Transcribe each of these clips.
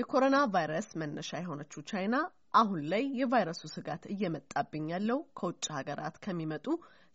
የኮሮና ቫይረስ መነሻ የሆነችው ቻይና አሁን ላይ የቫይረሱ ስጋት እየመጣብኝ ያለው ከውጭ ሀገራት ከሚመጡ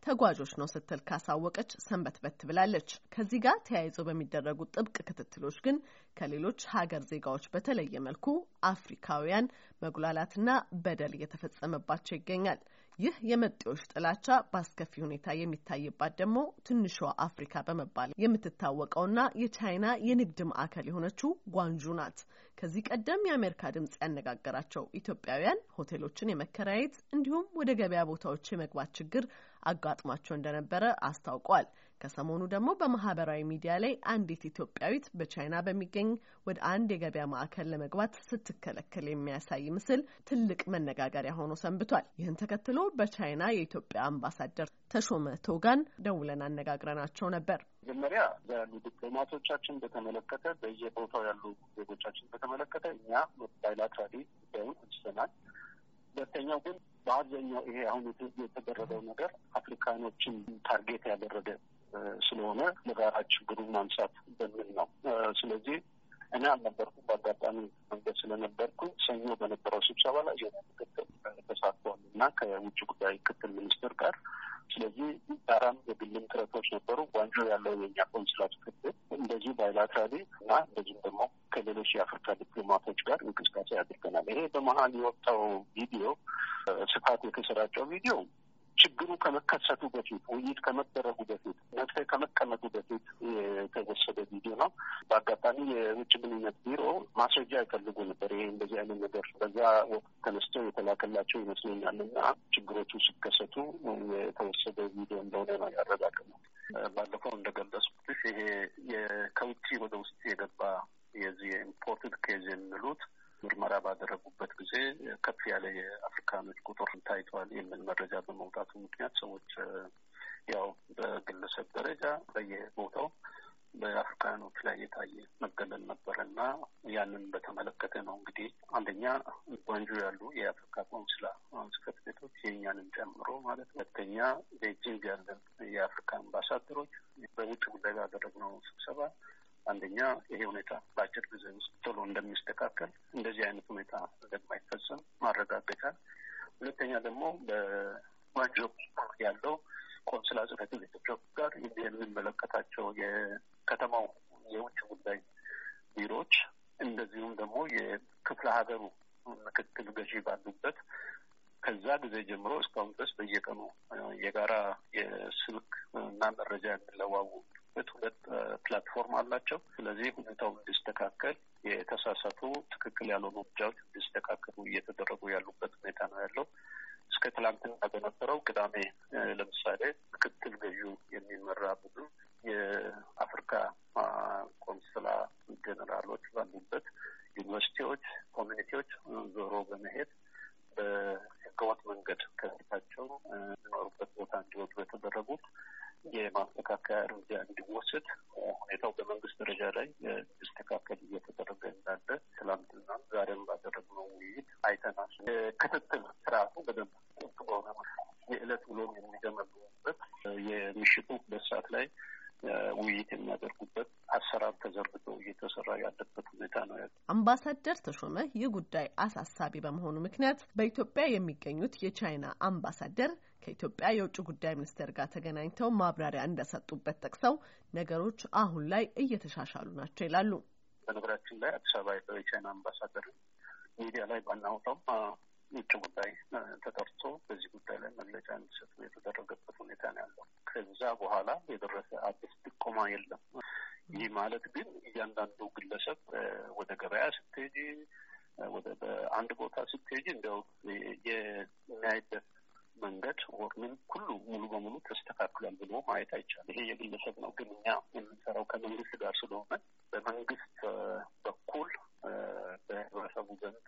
ተጓዦች ነው ስትል ካሳወቀች ሰንበትበት ብላለች። ከዚህ ጋር ተያይዞ በሚደረጉ ጥብቅ ክትትሎች ግን ከሌሎች ሀገር ዜጋዎች በተለየ መልኩ አፍሪካውያን መጉላላትና በደል እየተፈጸመባቸው ይገኛል። ይህ የመጤዎች ጥላቻ በአስከፊ ሁኔታ የሚታይባት ደግሞ ትንሿ አፍሪካ በመባል የምትታወቀውና የቻይና የንግድ ማዕከል የሆነችው ጓንጁ ናት። ከዚህ ቀደም የአሜሪካ ድምጽ ያነጋገራቸው ኢትዮጵያውያን ሆቴሎችን የመከራየት እንዲሁም ወደ ገበያ ቦታዎች የመግባት ችግር አጋጥሟቸው እንደነበረ አስታውቋል። ከሰሞኑ ደግሞ በማህበራዊ ሚዲያ ላይ አንዲት ኢትዮጵያዊት በቻይና በሚገኝ ወደ አንድ የገበያ ማዕከል ለመግባት ስትከለከል የሚያሳይ ምስል ትልቅ መነጋገሪያ ሆኖ ሰንብቷል። ይህን ተከትሎ በቻይና የኢትዮጵያ አምባሳደር ተሾመ ቶጋን ደውለን አነጋግረናቸው ነበር። መጀመሪያ ያሉ ዲፕሎማቶቻችን በተመለከተ በየቦታው ያሉ ዜጎቻችን በተመለከተ እኛ ባይላትራሊ ጉዳዩን አንስተናል። ሁለተኛው ግን በአብዛኛው ይሄ አሁን የተደረገው ነገር አፍሪካኖችን ታርጌት ያደረገ ስለሆነ ለጋራ ችግሩን ማንሳት በምን ነው። ስለዚህ እኔ አልነበርኩ በአጋጣሚ መንገድ ስለነበርኩ ሰኞ በነበረው ስብሰባ ላይ የሆነ ምክትል ተሳትፏል እና ከውጭ ጉዳይ ክትል ሚኒስትር ጋር ስለዚህ ጣራም የግልም ጥረቶች ነበሩ። ዋንጆ ያለው የኛ ቆንስላት ክትል እንደዚህ ባይላትራሊ እና እንደዚህም ደግሞ ከሌሎች የአፍሪካ ዲፕሎማቶች ጋር እንቅስቃሴ አድርገናል። ይሄ በመሀል የወጣው ቪዲዮ ስፋት የተሰራጨው ቪዲዮ ችግሩ ከመከሰቱ በፊት ውይይት ከመደረጉ በፊት መፍትሄ ከመቀመጡ በፊት የተወሰደ ቪዲዮ ነው። በአጋጣሚ የውጭ ግንኙነት ቢሮ ማስረጃ ይፈልጉ ነበር። ይሄ እንደዚህ አይነት ነገር በዛ ወቅት ተነስቶ የተላከላቸው ይመስለኛል እና ችግሮቹ ሲከሰቱ የተወሰደ ቪዲዮ እንደሆነ ነው ያረጋገጥነው። ባለፈው እንደገለጽኩት ይሄ ከውጭ ወደ ውስጥ የገባ የዚህ የኢምፖርትድ ኬዝ የሚሉት ምርመራ ባደረጉበት ጊዜ ከፍ ያለ ፈጻሚዎች ቁጥር ታይቷል የሚል መረጃ በመውጣቱ ምክንያት ሰዎች ያው በግለሰብ ደረጃ በየቦታው በአፍሪካኖች ላይ የታየ መገለል ነበረ እና ያንን በተመለከተ ነው እንግዲህ አንደኛ ቆንጆ ያሉ የአፍሪካ ቆንስላ ጽሕፈት ቤቶች የእኛንም ጨምሮ ማለት፣ ሁለተኛ ቤጂንግ ያለን የአፍሪካ አምባሳደሮች በውጭ ጉዳይ ባደረግነው ስብሰባ አንደኛ ይሄ ሁኔታ በአጭር ጊዜ ውስጥ ቶሎ እንደሚስተካከል እንደዚህ አይነት ሁኔታ እንደማይፈጸም ማረጋገጫል። ሁለተኛ ደግሞ በዋንጆ ያለው ቆንስላ ጽሕፈት ቤት ኢትዮጵያ ጋር የምንመለከታቸው የከተማው የውጭ ጉዳይ ቢሮዎች እንደዚሁም ደግሞ የክፍለ ሀገሩ ምክትል ገዢ ባሉበት ከዛ ጊዜ ጀምሮ እስካሁን ድረስ በየቀኑ የጋራ የስልክ እና መረጃ የምንለዋወጡ የሚያደርጉበት ሁለት ፕላትፎርም አላቸው። ስለዚህ ሁኔታው እንዲስተካከል የተሳሳቱ ትክክል ያልሆኑ እርምጃዎች እንዲስተካከሉ እየተደረጉ ያሉበት ሁኔታ ነው ያለው። እስከ ትላንትና በነበረው ቅዳሜ ለምሳሌ ምክትል ገዢ የሚመራ ቡድን የአፍሪካ ቆንስላ ጄኔራሎች ባሉበት ዩኒቨርሲቲዎች፣ ኮሚኒቲዎች ዞሮ በመሄድ በህገወጥ መንገድ ከፊታቸው የሚኖሩበት ቦታ እንዲወጡ የተደረጉ የማስተካከያ እርምጃ እንዲወሰድ ሁኔታው በመንግስት ደረጃ ላይ እንዲስተካከል እየተደረገ እንዳለ ትላንትና ዛሬም ባደረግነው ውይይት አይተናል። ክትትል ስርዓቱ በደንብ ቁጥ በሆነ የዕለት ውሎም የሚገመግሙበት የምሽቱ በሰዓት ላይ ውይይት የሚያደርጉበት አሰራር ተዘርግቶ እየተሰራ ያለበት ሁኔታ ነው ያለ አምባሳደር ተሾመ ይህ ጉዳይ አሳሳቢ በመሆኑ ምክንያት በኢትዮጵያ የሚገኙት የቻይና አምባሳደር ከኢትዮጵያ የውጭ ጉዳይ ሚኒስቴር ጋር ተገናኝተው ማብራሪያ እንደሰጡበት ጠቅሰው ነገሮች አሁን ላይ እየተሻሻሉ ናቸው ይላሉ። በነገራችን ላይ አዲስ አበባ ያለው የቻይና አምባሳደር ሚዲያ ላይ ባናወጣም ውጭ ጉዳይ ተጠርቶ በዚህ ጉዳይ ላይ መግለጫ እንዲሰጡ የተደረገበት ሁኔታ ነው ያለው። ከዛ በኋላ የደረሰ አዲስ ጥቆማ የለም። ይህ ማለት ግን እያንዳንዱ ግለሰብ ወደ ገበያ ስትሄጂ፣ ወደ አንድ ቦታ ስትሄጂ እንዲያው የሚያይበት መንገድ ወርምን ሁሉ ሙሉ በሙሉ ተስተካክሏል ብሎ ማየት አይቻልም። ይሄ የግለሰብ ነው። ግን እኛ የምንሰራው ከመንግስት ጋር ስለሆነ በመንግስት በኩል በህብረተሰቡ ዘንድ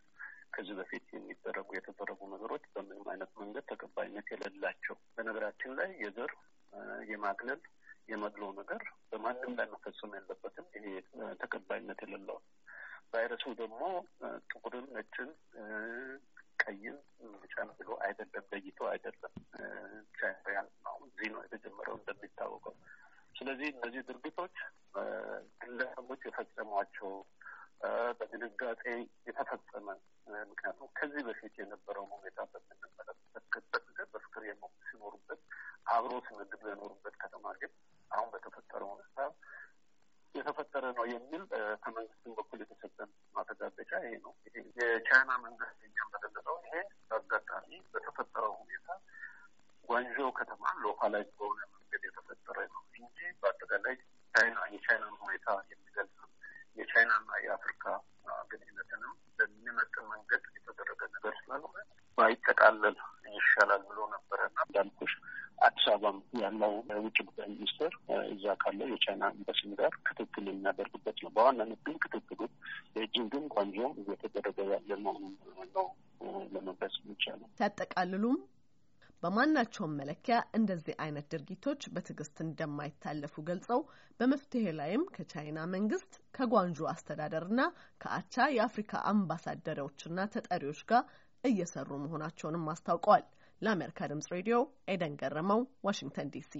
ከዚህ በፊት የሚደረጉ የተደረጉ ነገሮች በምንም አይነት መንገድ ተቀባይነት የሌላቸው በነገራችን ላይ የዘር የማግለል የመድሎ ነገር በማንም ላይ መፈጸም ያለበትም ይሄ ተቀባይነት የሌለው ቫይረሱ ደግሞ ጥቁርን፣ ነጭን፣ ቀይን፣ ብቻን ብሎ አይደለም ለይቶ አይደለም ቻይናውያን ነው እዚህ ነው የተጀመረው እንደሚታወቀው። ስለዚህ እነዚህ ድርጊቶች ግለሰቦች የፈጸሟቸው በድንጋጤ የተፈጸመ ምክንያቱም ከዚህ በፊት የነበረው ሁኔታ በምንመለከትበት ጊዜ በፍቅር ሲኖሩበት አብሮ ስምግብ የኖሩበት ከተማ ግን አሁን በተፈጠረው ሁኔታ የተፈጠረ ነው የሚል ከመንግስትም በኩል የተሰጠን ማረጋገጫ ይሄ ነው። የቻይና መንግስት እኛም በገለጸው ይሄ በአጋጣሚ በተፈጠረው ሁኔታ ጓንዦው ከተማ ሎካላይዝ በሆነ መንገድ የተፈጠረ ነው እንጂ በአጠቃላይ ቻይና የቻይናን ሁኔታ የሚገልጽ የቻይናና የአፍሪካ ግንኙነትንም በሚመጥን መንገድ የተደረገ ነገር ስላልሆነ ባይጠቃለል ይሻላል ብሎ ነበረና እንዳልኩሽ አዲስ አበባም ያለው የውጭ ጉዳይ ሚኒስትር እዛ ካለው የቻይና ኤምባሲም ጋር ክትትል የሚያደርግበት ነው። በዋናነት ግን ክትትሉ በእጅግ ግን ቆንጆ እየተደረገ ያለ መሆኑን ነው ለመግለጽ የሚቻለው። ሲያጠቃልሉም በማናቸውም መለኪያ እንደዚህ አይነት ድርጊቶች በትዕግስት እንደማይታለፉ ገልጸው በመፍትሄ ላይም ከቻይና መንግስት ከጓንጆ አስተዳደርና ከአቻ የአፍሪካ አምባሳደሮችና ተጠሪዎች ጋር እየሰሩ መሆናቸውንም አስታውቀዋል። ለአሜሪካ ድምጽ ሬዲዮ ኤደን ገረመው ዋሽንግተን ዲሲ